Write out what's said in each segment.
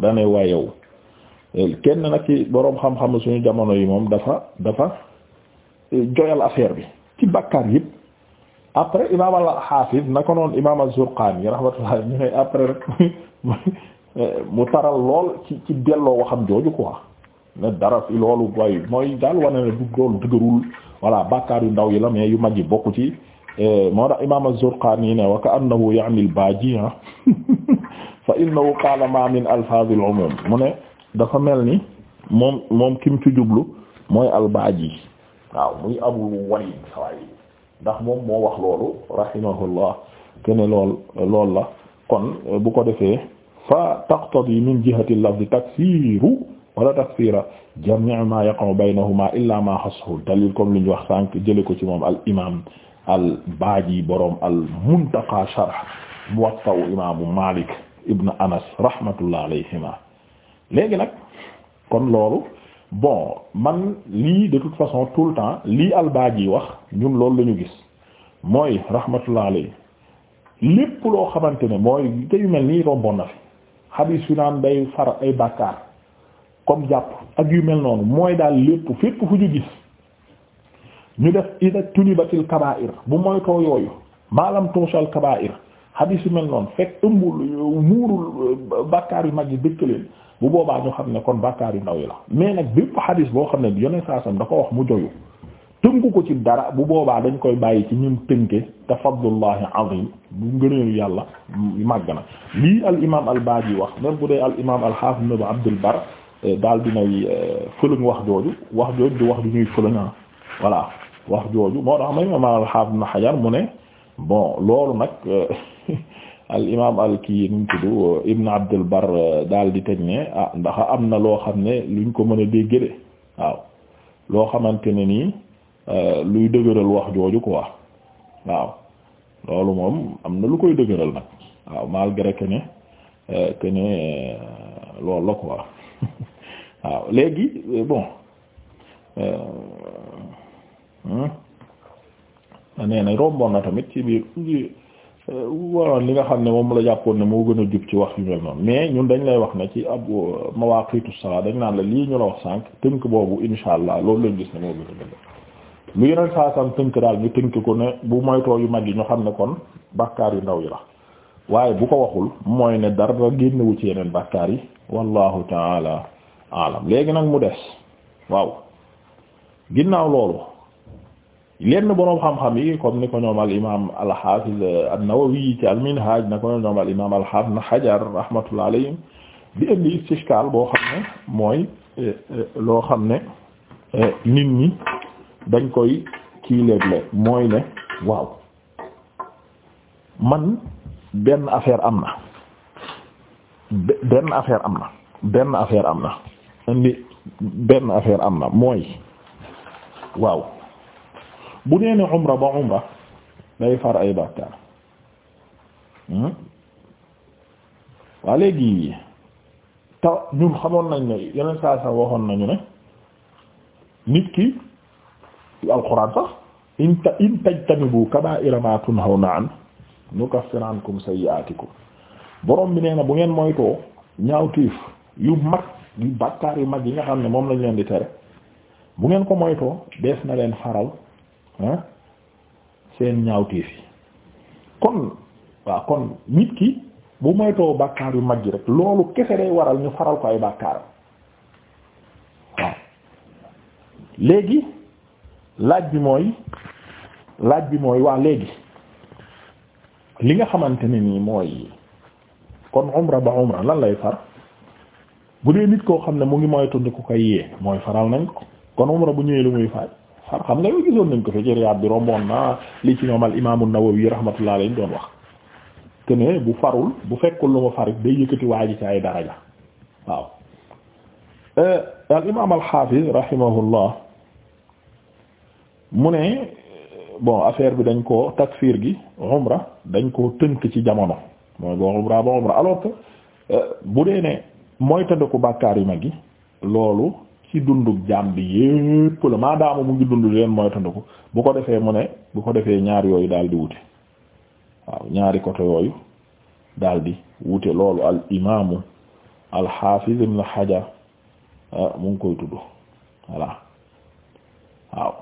dane wayow kenn nag ci boroom xam-xam suñu jamono yi moom dafa dafa eh, joyal affaire bi ci bakkaar yëpp après imaam al-Hafiz naka noonu imaam az-Zurqani rahmatullah ñu ne après rek eh, mu taral lool ci ci delloo waxam jooju quoi ne dara fi loolu way mooy daal wane ne du loolu dëgërul voilà bakkaar yu ndaw yi la mais yu mag yi bokk ci Eh, moo tax imaam az-Zurqaani ne wa ka'annahu ya'ni al-baaji'a fa innahu qaala ma min alfaaz al-umuum mu ne dafa mel ni moom moom kim ci jublu mooy al-baaji waaw muy Abul Waliid sawaay ndax moom moo wax loolu rahimahullah kene lool lool la kon eh, bu ko defee fa taqtadi min jihati al-lafz taksiiru wala tafsira jamii ma yaqa'u baynahuma illa ma xassahu dalil comme li ñu wax sànq jële ko ci moom al imam al baaji boroom al muntaqa sharh muwatta imaamu Malik ibn Anas rahmatullah alayhima léegi nag kon loolu bon man lii de toute façon tout le temps lii al baaji wax ñun loolu la ñu gis mooy rahmatullah alayhi lépp loo xamante ne mooy te yu mel nii rombon na fi xadiis yu naan day far ay bàkkaar comme jàpp ak yu mel noonu mooy daal lépp fépp fu ñu gis. ñu def ida tulibatil kabaa'ir bu moytoo yooyu maalam tuusal kabaa'ir xadiis yu mel noonu fekk ëmbul muurul bàkkaar yu mag yi dëkk leen bu boobaa ñu xam ne kon bàkkaar yu ndaw yi la mais nag bépp xadiis boo xam ne yoneen saasam da ko wax mu joyu tënku ko ci dara bu boobaa dañ koy bàyyi ci ñun tënke te fadlullahi azim bu ngëneelu yàlla màgg na lii al imaam al yi wax même bu dee al imaam al xaafis ibn abdul bar eh, daal dinay eh, fëlëng wax jooju wax jooju di wax du ñuy a ah. voilà wax jooju moo tax ma imam al-Hafiz Ibn mu ne bon loolu nag euh, al imam al kii nu mu euh, Ibn Abdul Bar euh, daal di teg ne ah ndax am na loo xam ne luñ ko mën a déggee waaw loo xamante ne nii luy dëgëral wax jooju quoi waaw loolu moom am na lu koy dëgëral nag waaw malgré que ne que ne loolu la waaw léegi bon. Hmm? nee na romboon na tamit ci biir euh, waroon li nga xam ne moom la jàppoon ne moo gën a jub ci wax yu mel noonu mais ñun dañ lay wax ne ci ab euh, mawaqitu salaa dañ naan la lii ñu la wax sànq tënk boobu insha allah loolu lañ gis ne moo gën a gën lu yeneen saa sam tënk daal ñu tënk ko ne bu moytoo yu mag yi ñu xam ne kon bàkkaar yu ndaw yi la waaye bu ko waxul mooy ne dara génnewu ci yeneen bàkkaar yi wallahu taala alam léegi nag mu des waaw ginnaaw lenn boroom xam-xam yi comme ni ko ñoom al imaam al hafiz an-Nawawi ci al minhaj na ko ñoom al imaam al na Hajar rahmatullah di indi istishkaal boo xam ne mooy eh, eh, loo xam ne eh, nit ñi dañ koy kii léeg-léeg mooy ne waaw man benn affaire am na benn affaire am na benn affaire am na indi benn affaire am na mooy waaw bu dee ne umra ba umra day far ay bàkkaar hmm? waa léegi ta ñun xamoon nañ ne yeneen saa saa waxoon nañu ne nit ki ci alxuraan sax in ta in tajtanibu kabaa'ira maa tunhawna an nukaffir ankum sayyi'aatikum borom bi nee bu ngeen moytoo ñaawteef yu mag yu bàkkaar yu mag yi nga xam ne moom lañ leen di tere bu ngeen ko moytoo dees na leen faral ah seen ñaawteef yi kon waaw kon nit ki bu moytoo bàkkaar yu mag gi rek loolu kese day waral ñu faral ko ay bàkkaaram waaw léegi laaj bi mooy laaj bi mooy waa léegi li nga xamante ni nii mooy kon umra ba umra lan lay far bu dee nit koo xam ne mu ngi moytu ko koy yee mooy faral nañ ko kon umra bu ñëwee lu muy faaj sar xam nga yow gisoon nañ ko fi ci Riyaad bi romboon na li ci ñoom al imaamu Nawawi rahmatullah alayhi doon wax te bu farul bu fekkul lu ma farit day yëkkati waa ji ci ay daraja waaw euh, al imaam al xaafiz mu ne bon affaire bi dañ ko takfir gi umra dañ ko tënk ci jamono mooy bo umra ba umra alors que euh, bu dee ne mooy tënd ko mag yi loolu ci dundug jaam bi yépp la maadaama mu ngi dund leen moytandiku bu ko defee mu ne bu ko defee ñaar yooyu daal di wute waaw ñaari côté yooyu daal di wute loolu al imaamu al ibn Hajar ah, mu ngi koy tudd voilà waaw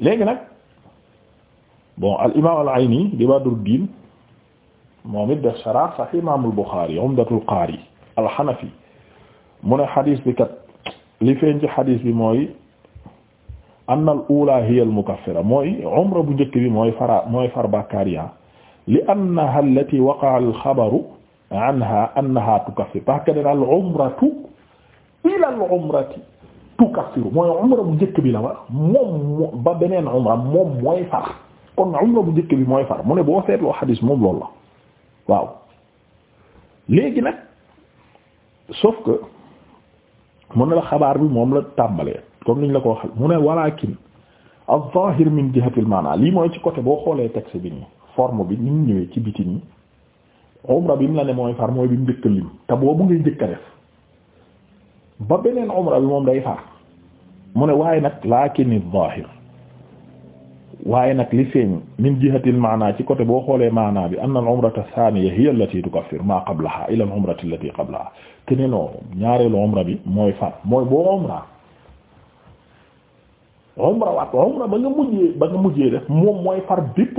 léegi nag bon al imaam al Ayni di Badruddin moom it def sharh Sahih imaamul Buxaari Umdatul Qaari al mu ne xadiis bi kat. li feeñ ci xadiis bi mooy anna al ula hiya al mukaffira mooy umra bu njëkk bi mooy fara mooy far bàkkaar ya li annaha allati waqa'a al xabaru anha annaha tukaffir parce que dana al umratu ila al umrati tukaffiru mooy umra bu njëkk bi la war moom ba beneen umra moom mooy far kon umra bu njëkk bi mooy far mu ne boo seetloo xadiis moom loolu la waaw léegi nag sauf que mu na la xabaar bi moom la tàmbalee comme ñu la ko waxal mu ne walakin az-zahir min jihatil maana lii mooy ci côté boo xoolee texte bi nii forme bi ni mu ñëwee ci biti nii umra bi mu la ne mooy far mooy bi mu njëkk lim te boobu ngay njëkk a def ba beneen umra bi moom day far mu ne waaye nag lakin az-zahir waaye nag li feeñ min jihatil maana ci côté boo xoolee maanaa bi anna al umrata thaniya hiya allati tukaffir ma qablaha ila al umrati allati qablaha kene no ñaareelu umra bi mooy fan mooy boo umra umra waat umra ba moom mooy far bépp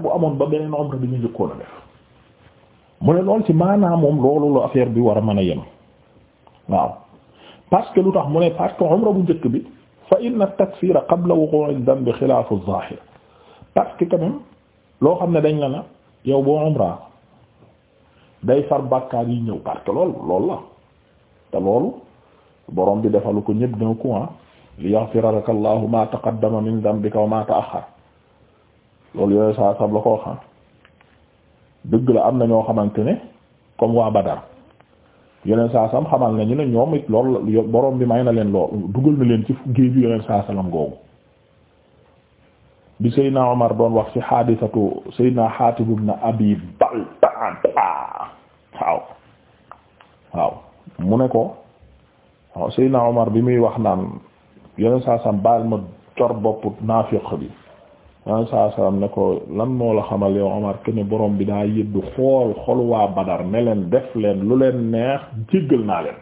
bu amoon ba beneen umra bi ñu njëkkoon a def mu ne lool ci maanaa moom loolu la affaire bi war a mën a yem waaw parce lu tax mu ne parce que bu njëkk bi fa inna takfira qabla wuqu'i dambi xilaafu zahir parce que xam ne dañ la na yow boo umra day yi ñëw parce que loolu loolu borom bi defalu ko ñëpp d'un coup li yaghfira laka Allahu ma taqaddama min dhanbika wa ma ta'akhkhar loolu yooyu saa sab la koo xam dëgg la am na ñoo xamante ne comme waa Badar yeneen saa salaam xamal nañu ne ñoom it loolu borom bi may na leen lool dugal na leen ci géeju yeneen saa salaam googu bi Seydina Omar doon wax ci xaadisatu Seydina Xaatib na Abi Baltaa waaw waaw mu ne ko waaw Omar bi muy wax naan yeneen saa salaam baal ma cor bopp naafiq bi waaw saa salaam ne ko lan moo la xamal yow Omar kenn borom bi daa yëddu xool xol waa Badar ne leen def leen lu leen neex jéggal naa leen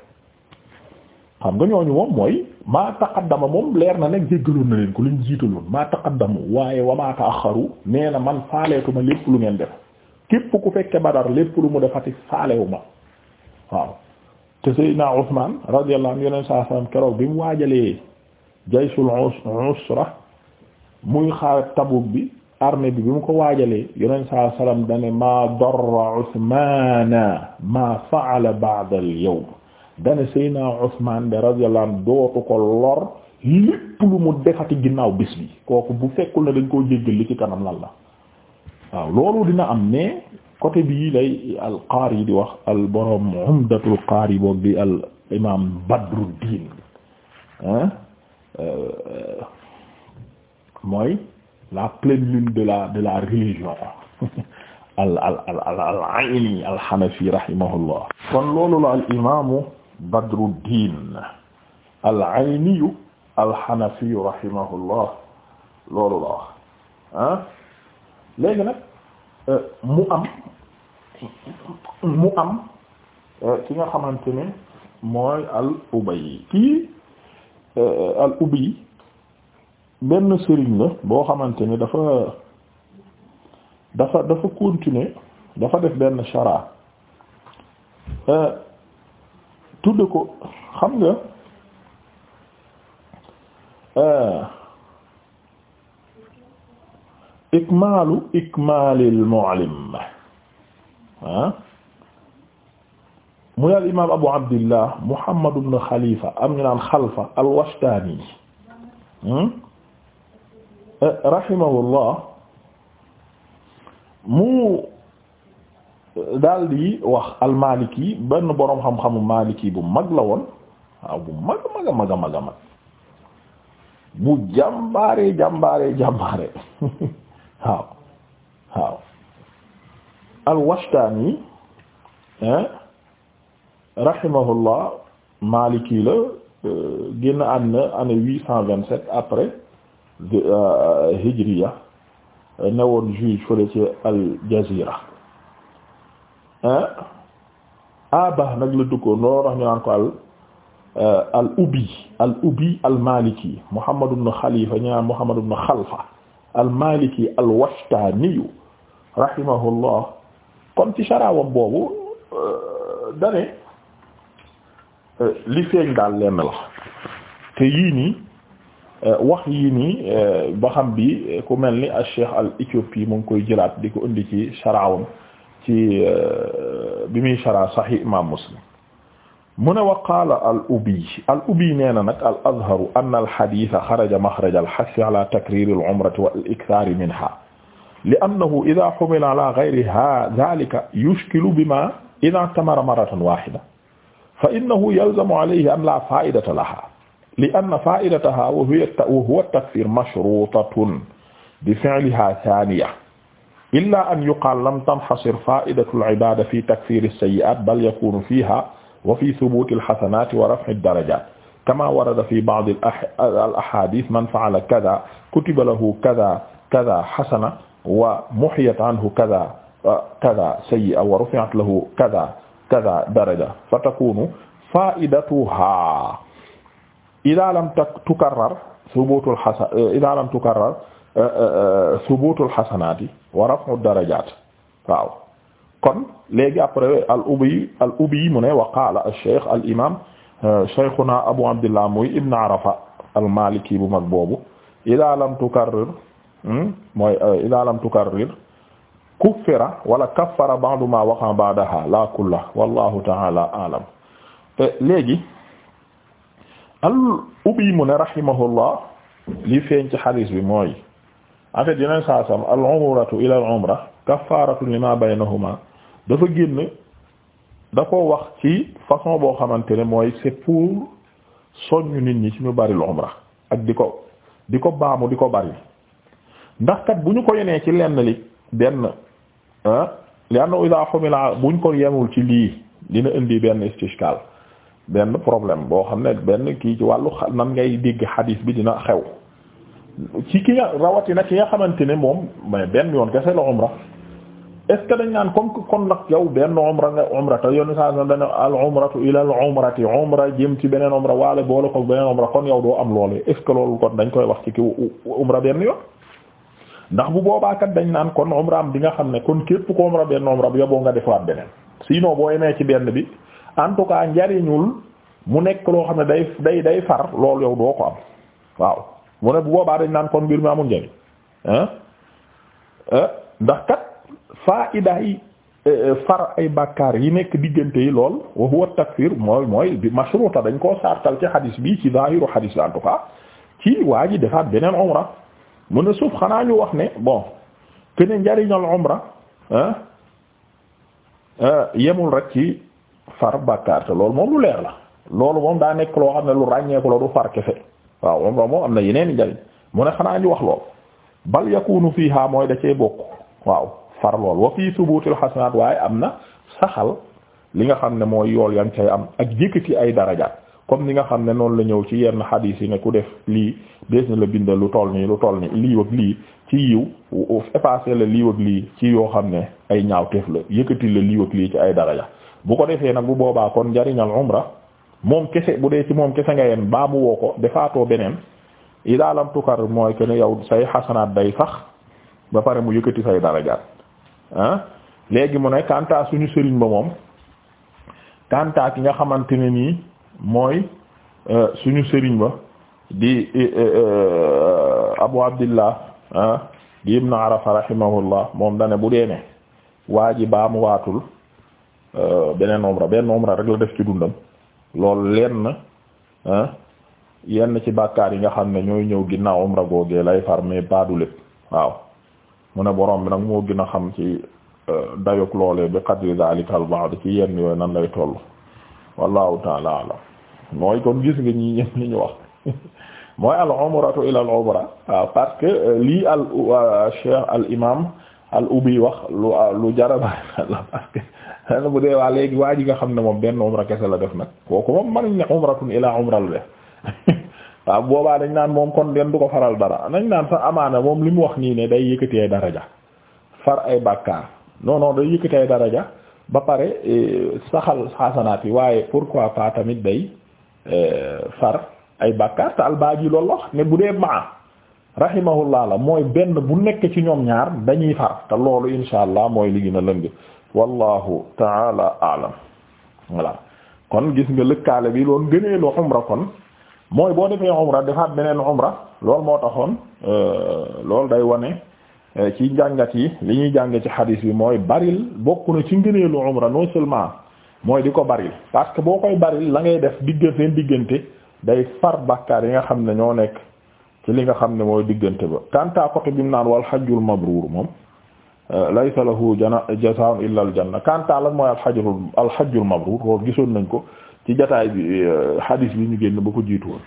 xam nga ñooñu moom mooy maa taqaddama moom leer na nekk jéggaloon na leen ko luñ jiitaloon maa taqaddamu waaye wa maa ta'axxaru na man faaleetuma lépp lu ngeen def képp ku fekke Badar lépp lu mu defati faalewuma waaw te Seydina Usmaan radiyallahu anhu yeneen saa salaam keroog bi mu waajalee jaysul usra muy xaar Tabuk bi armée bi bi mu ko waajalee yonent saa salaam dane maa darra Usmaana maa fa'ala ba'da al-yawm dane Seydina Usmaan de radiyallahu anhu dootu ko lor lépp lu mu defati ginnaaw bés bi kooku bu fekkul na dañ koo jéggal li ci kanam lan la waaw loolu dina am ne côté bii lay al-Qaari yi di wax al borom Umdatul Qaari boog bi al imaam Badruddin ah mooy la pleine lune de la de la religion al al al al al ayni al hanafi rahimahullah kon loolu la al ayni al hanafi rahimahullah loolu la wax ah léegi nag euh, mu am euh, ki nga xamante ne mooy al ubayy benn sëriñ la boo xamante ni dafa dafa dafa continuer dafa def benn chara euh, tudd ko xam nga euh, ikmaalu ikmaalil mu'allim ah muy al imaam abu abdillah muhammad ibn xalifa am ñu naan xalfa al washtaani hmm? rahimahullah mu daal di wax almaliki benn boroom xam-xamu maliki bu mag la woon waaw bu mag mag a mag a mag a mag bu jàmbaare jàmbaare jàmbaare waaw waaw alwashtaani rahimahullah maliki la euh, génn àddina huit cent vingt-sept après Euh, euh, hijriya newoon juge fële ci al jazira aba nag la dëkkoon looloo tax ñu naan ko al euh, al ubi al ubi al maliki muhammad ibn khalifa ñu muhammad ibn khalfa al maliki al washtaniyu rahimahullah kon ci sharaawam boobu dane li feeñ daal lenn la te yii Euh, wax yii nii euh, ba xam bi euh, ku mel ni al cheikh al éthiopie mu ngi koy jëlaat di ko indi ci sharaawam ci bi muy shara sahih imam muslim mu ne wa qaala al ubi al ubi nee na nag al azharu anna al haditha xaraja maxraja al hassi ala takrir al umrati wa al ikthari minha li annahu ida xumila ala gayri ha dalika yushkilu bima ida tamara maratan waxida fa innahu yalzamu alayhi an la faidata laha li anna faa'idataha wa hiya wa huwa at-takfir mashruutatun bi fi'liha thaaniya illaa an yuqaal lam tanhasir faa'idatu al-ibaada fi takfir as-sayyi'aat bal yakuunu fiiha wa fi thubuut al-hasanaat wa raf'i ad-darajaat kamaa warada fi ba'd al-ahaadiith man fa'ala kadhaa kutiba lahu kadhaa kadhaa hasana wa muhiyat anhu kadhaa kadhaa sayyi'a wa rufi'at lahu kadhaa kadhaa daraja fa takuunu faa'idatuhaa idaa eh, lam tukarrar eh, eh, subuutul xasan idaa lam tukarrar subuutul xasanaati wa raf'u darajaat waaw kon léegi après al ubi al ubi mu ne wa qaala al sheikh al imaam sheikhuna abu abdillah muy ibn arafa al maliki bu mag boobu idaa lam tukarrir hmm, mooy idaa lam tukarrir kuffira wala kaffara ba'du ma waqa ba'daha la kullah wallahu ta'ala a'lam léegi al ubi mu ne rahimahullah li feeñ ci xadiis bi mooy en fait yeneen saa sam al umratu ila al umra kafaaratu lima baynahuma dafa génn da ko wax ci façon boo xamante ne mooy c'est pour soññ nit ñi ci ñu bari ak di ko di ko baamu di ko bari ndax kat bu ñu ko yenee ci lenn li benn ah, li anna ida xumila buñ ko yemul ci lii dina indi benn istishkal benn problème boo xam ne benn kii ci wàllu nan ngay dégg xadiis bi dina xew ci ki nga rawatina ki nga xamante ne moom mais benn yoon kese la umra est-ce que dañ naan kon yow benn umra nga umra te yoon saa sa dana ci beneen umra waale boole ko beneen umra kon yow dañ koy wax ci ki umra benn yoon ndax bu boobaa kat dañ naan kon umra am bi nga xam ne kon képp ko umra benn umra bu yoboo nga defaat beneen sinon boo yemee ci benn bi en tout cas njariñul mu nekk loo xam ne day day day far loolu yow doo ko am waaw mu ne bu boobaa dañ naan kon mbir mi amul njariñ ah ndax kat faida yi eh, eh, far ay bàkkaar yi nekk diggante yi lool wa huwa takfir mooy mooy bi mashruta dañ koo sartal ci xadis bi ci zahiru xadis bi en tout cas ci waa ji defaat beneen umra mu ne suuf xanaa ñu wax ne bon kene njariñal umra ah yemul rek ci far bàkkaar te loolu moom lu leer la loolu moom daa nekk loo xam ne lu ràññeeku la du far kese waaw moom moom am na yeneen njariñ mu ne xanaa ñu wax lool bal yakunu xaa mooy da cee bokk waaw far lool wa fii subuutil xasanaat waaye am na saxal li nga xam ne mooy yool yang cay am ak yëkkati ay daraja comme ni nga xam ne noonu la ñëw ci yenn xadiis yi ne ku def lii des na la bindal lu toll nii lu toll nii lii ak lii ci yiw effacé la lii ak ci yoo xam ne ay ñaaw teef la yëkkati la lii ak lii ci ay daraja bu ko defee nag bu boobaa kon njariñal umra moom kese bu dee ci moom kese nga yenn baa mu woo ko defaatoo beneen idaa lam mooy que ne yow say xasanaat day sax ba pare mu yëkkati say darajaat ah léegi mu ne kanta suñu sëriñ ba moom kanta ki nga xamante ne nii mooy euh, suñu sëriñ ba di euh, euh, abu abdillah ah, di ibnu arafa rahimahullah moom dane bu dee ne waa ji baa mu waatul Euh, beneen umra benn umra rek la def ci dundam loolu lenn yenn ci bàkkaar yi nga xam ne ñooy ñëw ginnaaw umra googee lay far mais pas du waaw mu ne borom bi nag moo gën a xam ci euh, dayok loolee bi qadri zalika al ba'd ci yenn yooyu nan lay toll wallahu taala alam mooy kon gis nga ñi ñëpp li wax mooy al umratu ila al umra waaw parce que euh, lii al cheikh al imam al ubi wax lu lu la parce que xëy na bu dee waa léegi waa ji nga xam ne moom benn umra kese la def nag kooku moom mënuñ ne umratun ilaa umra la def waaw boobaa dañ naan moom kon den du ko faral dara nañ naan sax amaana moom li mu wax nii ne day yëkkati ay daraja far ay bàkkaar non non day yëkkati ay ba pare e, saxal xasanaat yi waaye pourquoi pas tamit day e, far ay bàkkaar te albaaji loolu wax ne bu dee maa rahimahullah la mooy benn bu nekk ci ñoom ñaar dañuy far te loolu insha allah mooy li gën lëng wallahu taala alam voilà kon gis nga lëkkaale bi loolu gëneelu umra kon mooy boo defee umra defaat beneen umra lool moo taxoon euh, loolu day wane euh, ci njàngat yi li ñuy jàng ci xadiis bi mooy baril bokk na ci ngëneelu umra non seulement mooy di ko baril parce que boo koy baril la ngay def diggante diggante day far bàkkaar yi nga xam ne ñoo nekk ci li nga xam ne mooy diggante ba tanta côté bi mu naan wal hajjul mabruur moom laysa lahu jana jazaa'un illa al janna kanta lan mooy alxajul alxajjul mabruur loolu gisoon nañ ko ci jataay bi euh, hadis bi ñu génn ba ko jiitu woon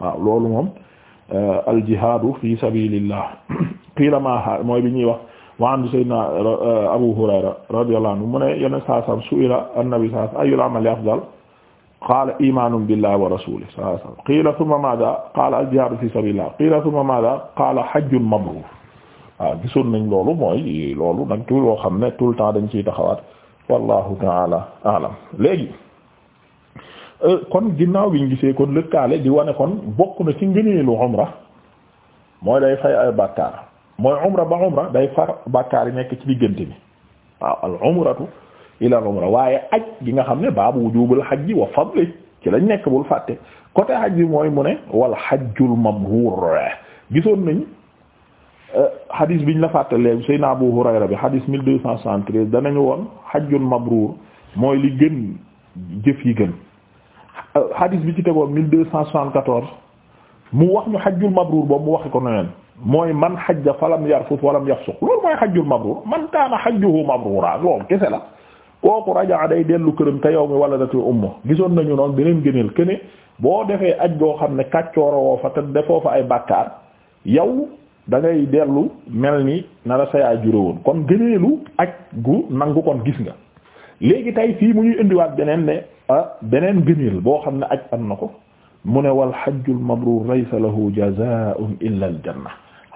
waaw loolu moom euh, al jihaadu fi sabilillah qiila ma mooy bi ñuy wax wa an sayyidina euh, abu hurayra radiyallahu anhu mu ne yoneen saa sallam su'ila annabi saa sallam ayyul amali afdal qaala imaanun billahi wa rasulihi saa sallam qiila thumma maadha qaala al jihaadu fi sabilillah qiila thumma maadha qaala hajjun mabruur waaw gisoon nañ loolu mooy loolu nag tu loo xam ne tout le temps dañ ciy taxawaat wallahu taala alam léegi euh, kon ginnaaw ñu gisee kon lëkkaale di wane kon bokk na ci ngëneelu umra mooy day fay ay bàkkaar mooy umra ba umra bàkkaar yi nekk ci diggante bi waaw al waaye aj gi nga xam ne baabu wujubul hajji wa fadli ci lañ nekk bul fàtte côté aj bi mooy mu ne wal hajjul mabrur gisoon nañ hadis ñu la fàttalee Seydina Abu Hurayra bi hadis 1273 ñu woon hajjun mabruur mooy li gën jëf yi gën hadis bi ci tegoon 1274 mu wax ñu hajjul mabruur boobu mu waxi ko neneen mooy man xaj hajja falam yarfut walam yafsuq loolu mooy hajjul mabruur man kaana hajjuhu mabruura loolu kese la kooku rajaa day dellu këram te yow mi waladatu ummu gisoon nañu noonu beneen gëneel kene boo defee aj goo xam ne kàccoorowoo fa te ay bàkkaar yow da ngay dellu mel ni nara sa yaay jure kon gëneelu ak gu nangu kon gis nga léegi tey fii mu ñuy indiwaat beneen ne ah, beneen gëneel boo xam ne ak am na ko mu ne wal hajjul mabrur laysa lahu jazaa'un illa al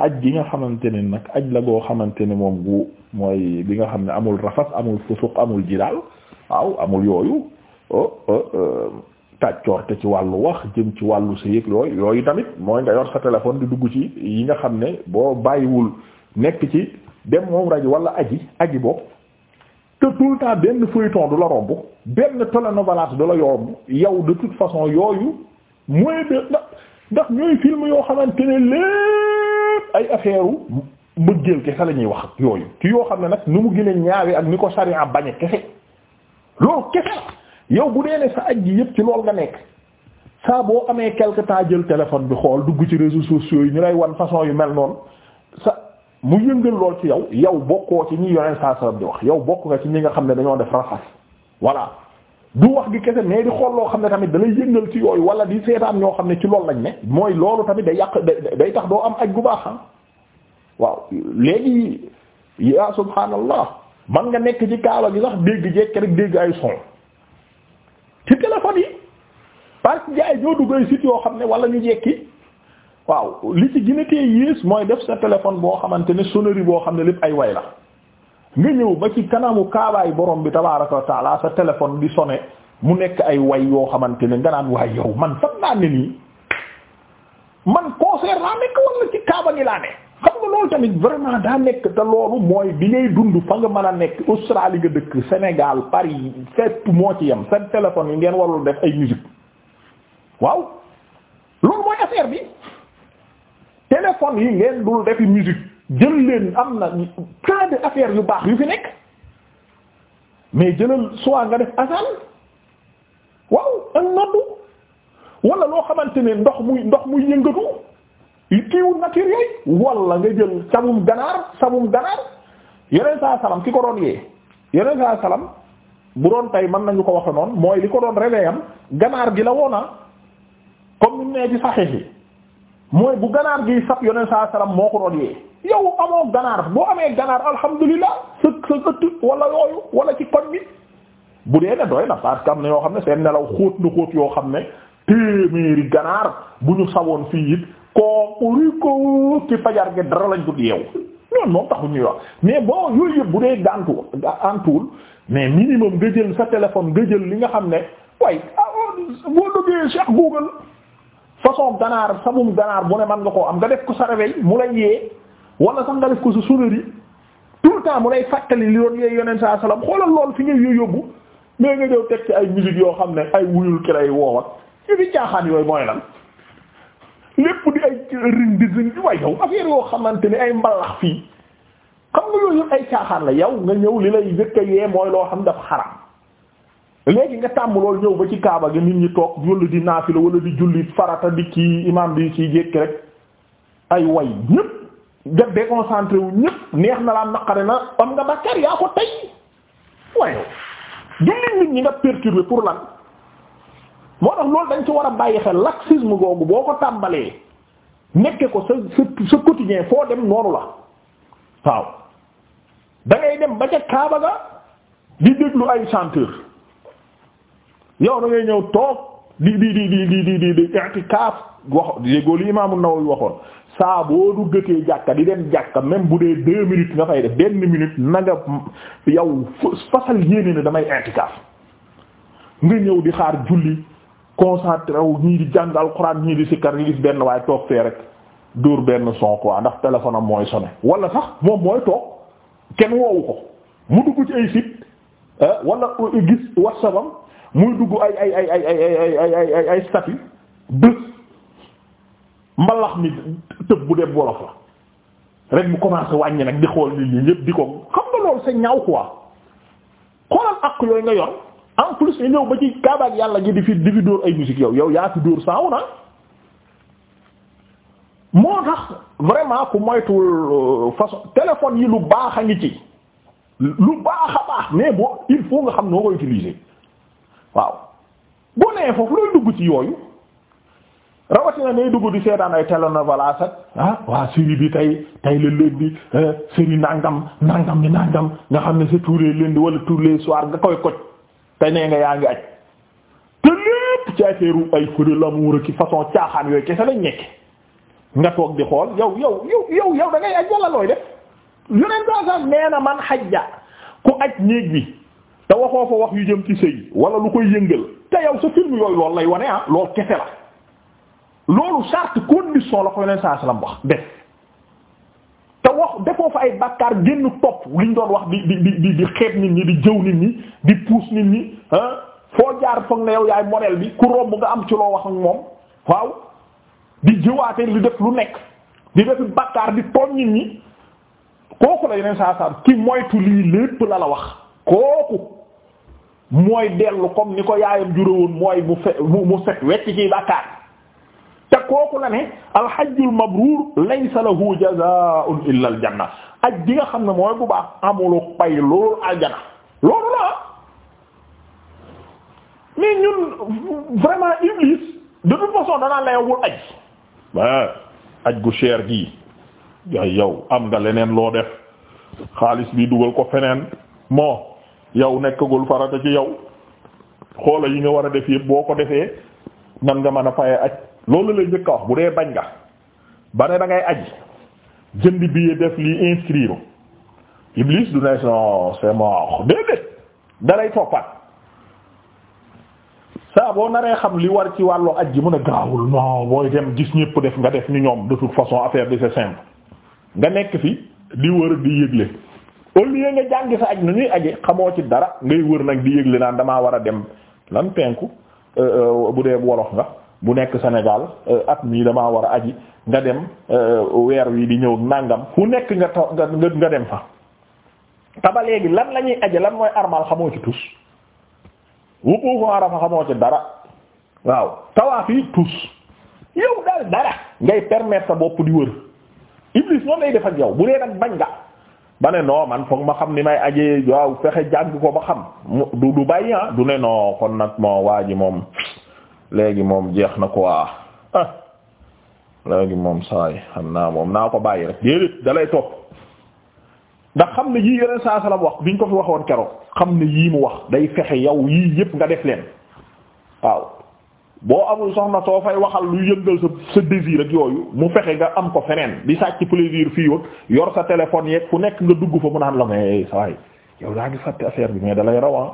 aj gi nga xamante ne nag aj la goo xamante ne moom gu mooy bi nga xam ne amul rafas amul fusuq amul jidaal waaw amul yooyu oh, oh, oh. te ci wàllu wax jëm ci wàllu sa yëg yooyu yooyu tamit mooy nga yor sa téléphone di duggu ci yi nga xam ne boo bàyyiwul nekk ci dem moom rajo wala aji aji bopp te tout le temps benn feuilleton du la romb benn télénovela du la yomb yow de toute façon yooyu mooy de ndax ñooy film yoo xamante ne lépp ay affaire mbëggeel kese la ñuy wax yooyu ci yoo xam ne nag ni mu gën a ñaawe ak ni ko sariya bañe kese loolu kese yow bu dee ne sa aj gi yëpp ci lool nga nekk saa boo amee quelque temps jël téléphone bi xool dugg ci réseaux sociaux yi ñu lay wan façon yu mel noonu sa mu yëngal lool ci yow yow bokkoo ci ñi yoneen saa salam yow bokk nga ci ñi nga xam ne dañoo def rafas voilà du wax gi kese mais di xool loo xam ne tamit dalay yëngal ci yooyu wala di seetaan ñoo xam ne ci loolu lañ ne mooy loolu tamit da yàq day tax doo am aj gu baax ah waaw léegi ya subhanallah man nga nekk ci kaala gi sax dégg jekk rek dégg ay son téléphone yi parce que gars dugg ay site yoo xam ne walla ñu jekki waaw li ci gën yées mooy def sa téléphone boo xamante ne sonnerie boo xam ne lépp ay way la nga ñëw ba ci kanamu kaabaayu borom bi tabaaraka wa taala sa téléphone di sonné mu nekk ay way yoo xamante ne nga naan waay yow man fan naa ne nii man concert laa nekk wala ci kaaba gi laa ne. xam nga loolu tamit vraiment daa nekk te loolu mooy bi ngay dund fa nga mën a nekk Australie nga dëkk Sénégal Paris fépp moo ci yem seen téléphone yi ngeen warul def ay musique waaw loolu mooy affaire bi téléphone yi ngeen dul defi musique jël leen am na plein de affaires yu baax yu fi nekk mais jëlal soit nga def asal waaw ak noddu wala loo xamante ne ndox muy ndox muy yëngatu. kiiwu nature yooyu wala nga jël samum ganaar samum ganaar yeneen saa salam ki ko doon yee yeneen saa salam bu doon tey mën nañu ko waxe noonu mooy li ko doon réveil am ganaar gi la woona comme ni mu nee ci saxiix yi mooy bu ganaar gi sab yoneen saa salam moo ko doon yee yow amoo ganaar boo amee ganaar alhamdulilah sa sa ëtt wala yooyu wala ci koñ bi bu dee ne doy na parce am na yoo xam ne seen nelaw xóot na xóot yoo xam ne téeméeri ganaar bu ñu sawoon fii kooku ko ci fajar gi dara lañ ko yeewu ñoon moom taxu ñuy wax mais bon yooyu yëpp bu dee gantu antuwul mais minimum nga jël sa téléphone nga jël li nga xam ne way ah, oh, boo duggee Cheikh Google façon ganaar sabum ganaar bu ne man nga koo am nga def ko sa réveil mu lay yee wala sax nga def ko sa sonnerie tout le temps mu lay fàttali li doon yee yoneen saa salaam xoolal lool fi nga yóbbu mais nga ñëw teg ci ay musique yoo xam ne ay wuyul ki lay woo ak yooyu mooy lan. lépp di ay riñ di riñ waaye yow affaire yoo xamante ne ay mbalax fii xam nga yooyu ay caaxaan la yow nga ñëw li lay njëkk yee mooy loo xam daf xaram léegi nga tàmm loolu ñëw ba ci kaaba gi nit ñi toog wala di naafila wala di jullit farata di ci imam bi ci jékki rek ay way ñëpp nga déconcentré wu ñëpp neex na laa naqare na am nga bakkar yaa ko tey waaye julli nit ñi nga perturbé pour lan moo tax loolu dañ ci war a bàyyi xel laxisme googu boo ko tàmbalee nekke ko sa sa sa quotidien foo dem noonu la waaw da ngay dem ba ca Kaaba ga di déglu ay chanteur yow da ñëw toog di di di di di di di di i'tikaaf wax déggoo li Imaam An-Nawawi waxoon saa boo duggatee jàkka di dem jàkka même bu dee deux minutes nga fay def benn minute na yow fasal yéene ne damay i'tikaaf nga ñëw di xaar julli concentré wu ñii di jàng alxuraan ñii di sikkar ñii di benn waaye toog fee rek dóor benn sonk quoi ndax téléphone mooy sone walla sax moom mooy toog kenn woowu ko mu dugg ci ay site ah, wala gis whatsapp am muy dugg ay ay ay ay ay ay ay ay mbalax mi tëb bu dem wolof la rek mu commencé wàññi nag di xool nit ñi ñëpp di ko xam nga loolu c'est ñaaw quoi xoolal ak yooyu nga yor. en plus ñu ñëw ba ci kaabaak yàlla gi di fi di fi dóor ay musique yow yow yaa fi dóor saawu ah. na moo tax vraiment ku moytuwul euh, façon téléphone yi lu baax a ngi ci lu baax a baax mais boo il faut nga xam noo koy utiliser waaw boo nee foofu looy dugg ci yooyu rawatina ngay dugg di seetaan ay télénovelas ak ah waa série bi tey tey la lundi euh, série nangam nangam ni nangam nga xam ne c'est tous les lundis wala tous les nga koy koj te nee nga yaa ngi aj te lépp ci affaire ay fëri l'amour ki façon caaxaan yooyu kese lañ nekk nga toog di xool yow yow yow yow yow aj walla looy def yoneen basan nee na man xajja ku aj néeg bi te waxoo fa wax yu jëm ci sëy wala lu koy yëngal te yow sa film yooyu loolu lay wane ah loolu kese la loolu charte condition la ko yoneen saa salam wax def wax defoo fa ay bàkkaar génn topp li ñu doon wax di di di di xeeb nit ñi di jëw nit ñi di puus nit ñi ah foo jaar foog na yow yaay modèle bi ku romb nga am ci loo wax ak moom waaw di jëwaate li def lu nekk di def bàkkaar di tooñ nit ñi kooku la yeneen saa saa ki moytu lii lépp la la wax kooku mooy dellu comme ni ko yaayam jurówoon mooy mu fe mu mu set wecc ci bàkkaar ca kooku la ne alhajjul mabruur laysa lahu jazaa'un illa jana aj bi nga xam ne mooy bu baax amulu pay loolu aljana loolu la mais ñun vraiment Iblis de toute façon danaa layawul aj aj gu sher gi yaay yow am nga leneen loo def xaalis bi dugal ko feneen moo yow nekkagul farata ci yow xoola yi nga war a def yëpp boo ko defee nan nga mën a faye aj loolu la njëkk a wax bu dee bañ nga ba ne da ngay aji jënd billet def lii inscrire Iblis du ne non c'est mort déedéet da saa boo naree xam li war ci wàllu aji mu ne gaawul non booy dem gis ñépp def nga def ni ñoom de toute façon affaire bi c'est simple nga nekk fi di wër di yëgle. au lieu nga jàngi sa aj nu ñuy aje xamoo ci dara ngay wër nag di yëgle naan damaa war a dem lan penku euh, euh, bu dee wolof nga bu nekk Sénégal euh, at mii damaa war a aji nga dem euh, weer wii di ñëw nangam fu nekk nga ta nga nga dem fa taba léegi lan lañuy ñuy aje lan mooy armal xamoo ci tus wuquufu Arafa xamoo ci dara waaw tawaaf yi tus yow daal dara ngay permettre sa bopp di wër Iblis noonu lay def ak yow bu dee nag bañ nga ba ne non man foog ma xam ni may ajee waaw fexe jàng ko ba xam du du bàyyi ah du ne non kon nag moo waa ji moom léegi moom jeex na ko waa ah. léegi moom saay xam naa moom naa ko bàyyi rek déedéet dalay topp ndax xam ne yii yeneen saa salaam wax biñ ko fi waxoon keroog xam ne yii mu wax day fexe yow yii yëpp nga def leen waaw boo amul soxna soo fay waxal lu yëngal sa sa désir ak yooyu mu fexe nga am ko feneen di sàcc plaisir fii wut yor sa téléphone yeeg ku nekk nga dugg fa mu naan la mais saa yi yow daa ngi fàtte affaire bi mais dalay raw ah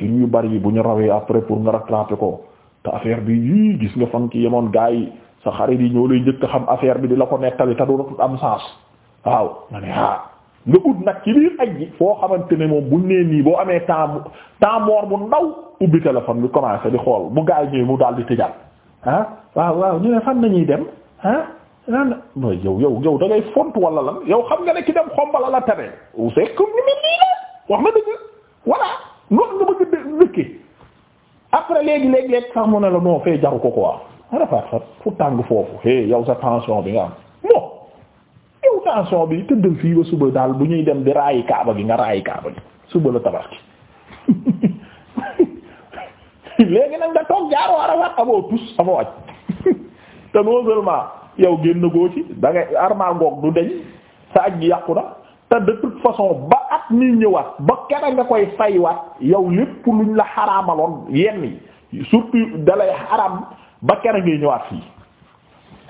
yu bari yi bu ñu rawee après pour nga rattraper ko. te affaire bi yii gis nga fan ki yemoon gars yi sa xarit yi ñoo lay njëkk xam affaire bi di la ko nettali te du am sens waaw nga ne ah nga ut nag ci biir aj ji xamante ne moom buñ nee nii boo amee temps temps bu ndaw ubbi téléphone bi commencé di xool bu gars yi ñëwee mu daal di tëjaat ah waaw waaw ñu ne fan nañuy dem ah naan mooy yow yow yow da font wala lan yow xam nga ne ki dem xombal la tere c'est comme ni mel nii la wax na dëgg voilà nga après léegi léegi léegi sax mu ne la non fee jaru ko quoi Arafat ah, sax fu tàng foofu hey yow sa tension bi nga am bon yow tension bi tëddal fii ba suba daal bu ñuy dem di raayi kaaba gi nga raayi kaaba gi suba la tabaski léegi nag nga toog jaaroo Arafat amoo tus amoo aj te non seulement yow génn goo ci da ngay armal du deñ sa aj gi yàqu na te de toute façon ba at mi ñëwaat ba kera nga koy faywaat yow lépp luñ la xaraamaloon yenn yi surtout dalay xaraam ba kera ngay ñëwaat fii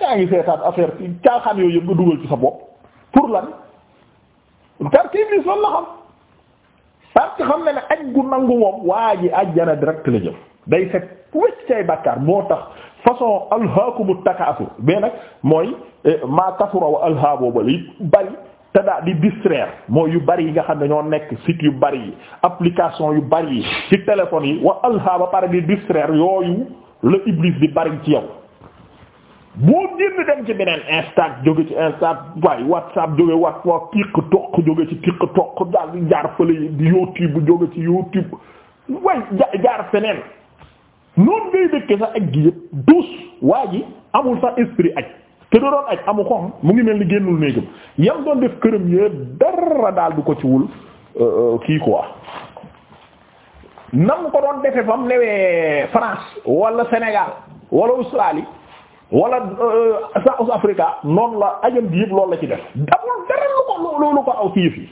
yaa ngi seetaan affaire ci caaxaan yooyu yëpp nga dugal ci sa bopp pour lan parce que la xam parce que xam ne ne aj gu nangu moom waa ji ajjana direct la jëm day set wécc cay bàkkaar moo tax façon alhaakumu takaasur mais nag mooy eh, maa kasura wa alhaa boobu la it bari te daal di distraire mooy yu bari yi nga xam ne ñoo nekk site yu bari yi application yu bari yi ci téléphone yi wa alha ba pare di distraire yooyu la iblis di bari ci yow boo génn dem ci beneen insta jóge ci insta waaye whatsapp jóge whatsapp tiktok jóge ci tiktok daal jaar fële di youtube jóge ci youtube waaye jaar feneen noonu ngay dëkke sax ak gi yëpp dus waa ji amul sax esprit ak te da doon aj amu xon mu ngi mel ni génnul néegam yam doon def këram yëpp dara daal du ko ci wul euh, euh, kii quoi nam ko doon defe fam newee France wala Sénégal wala Australie wala euh, South Africa noonu la ajam bi yëpp loolu la ci def damul dara lu ko ko aw ci yi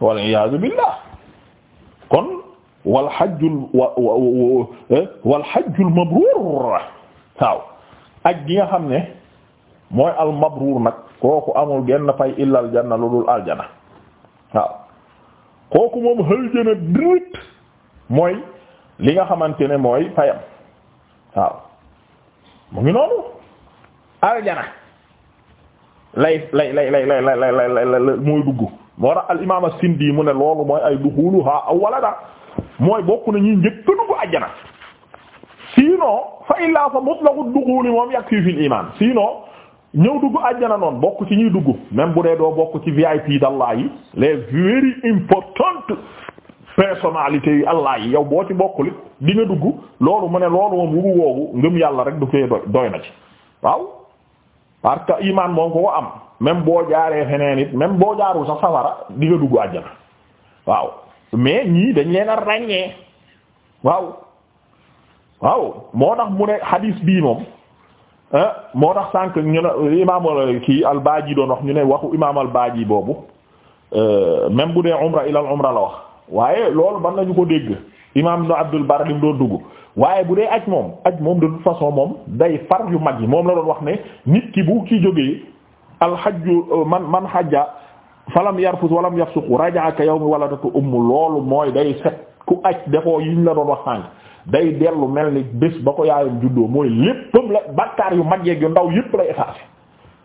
walla iyaazu billaah kon wal hajjul eh, wal hajjul mabruur waaw ak gi nga xam ne mooy al mabruur nag kooku amul genn fay illa al lu dul aljana waaw kooku moom aljana direct mooy li nga xamante ne mooy fayam waaw mu ngi noonu aljana lay lay lay lay lay lay mooy dugg moo tax al imaam as mu ne loolu mooy ay duxuluha awwala da mooy bokk na ñuy njëkk dugg aljana sinon fa illaa fa mutlaqu duxuli moom yakfi fil iman sinon ñëw dugg àjjana noonu bokk ci ñuy dugg même bu dee doo bokk ci VIP d'Allah yi les very importantes personnalités yi Allah yi yow boo ci bokkul di nga dugg loolu mu ne loolu moom wugu woogu ngëm yàlla rek du koy doy na ci waaw parce que iman moom ko ko am même boo jaaree feneen it même boo jaarul sax safara di dugg àjjana waaw mais ñii dañ leen a ràññee waaw waaw moo tax mu ne hadis bii moom ah, moo tax sànq ñu ne imaam kii al-Baaji doon wax ñu ne waxu imaam al-Baaji boobu euh, même bu dee umra ilal umra la wax waaye loolu ban nañu ko dégg imaam no Abdul Barr lim doon dugg waaye bu dee aj moom aj moom de toute façon moom day far yu mag yi moom la doon wax ne nit ki bu ki jógee alxajju euh, man man xajja falam yarfus walam yafsuq rajaaka yawmi waladatu ummu loolu mooy day set ku aj defoo yiñ la doon wax sànq. day dellu mel ni bés ba ko yaayam juddoo mooy léppam la bakkaar yu mag yeeg yu ndaw yépp lay effacé